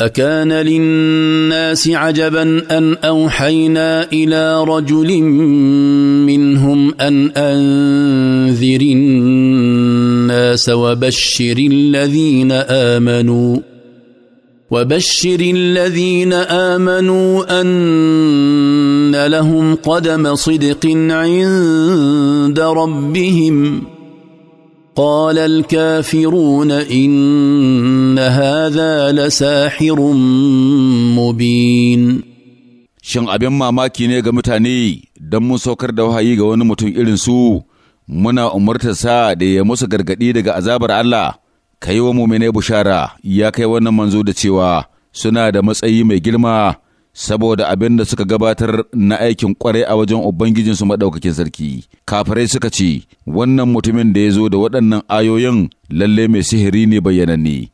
أكان للناس عجبا أن أوحينا إلى رجل منهم أن أنذر الناس وبشر الذين آمنوا وبشر الذين آمنوا أن لهم قدم صدق عند ربهم ۖ وقال الكافرون na هذا لساحر مبين Shin abin mamaki ne ga mutane don mun saukar da wahayi ga wani mutum irin su muna sa da ya musu gargaɗi daga azabar Allah, ka yi wa mumine bushara ya kai wannan manzo da cewa suna da matsayi mai girma saboda abin da suka gabatar na aikin kwarai a wajen Ubangijinsu maɗaukakin sarki. Kafirai suka ce, wannan mutumin da ya zo da waɗannan ayoyin lalle mai sihiri ne bayyananne.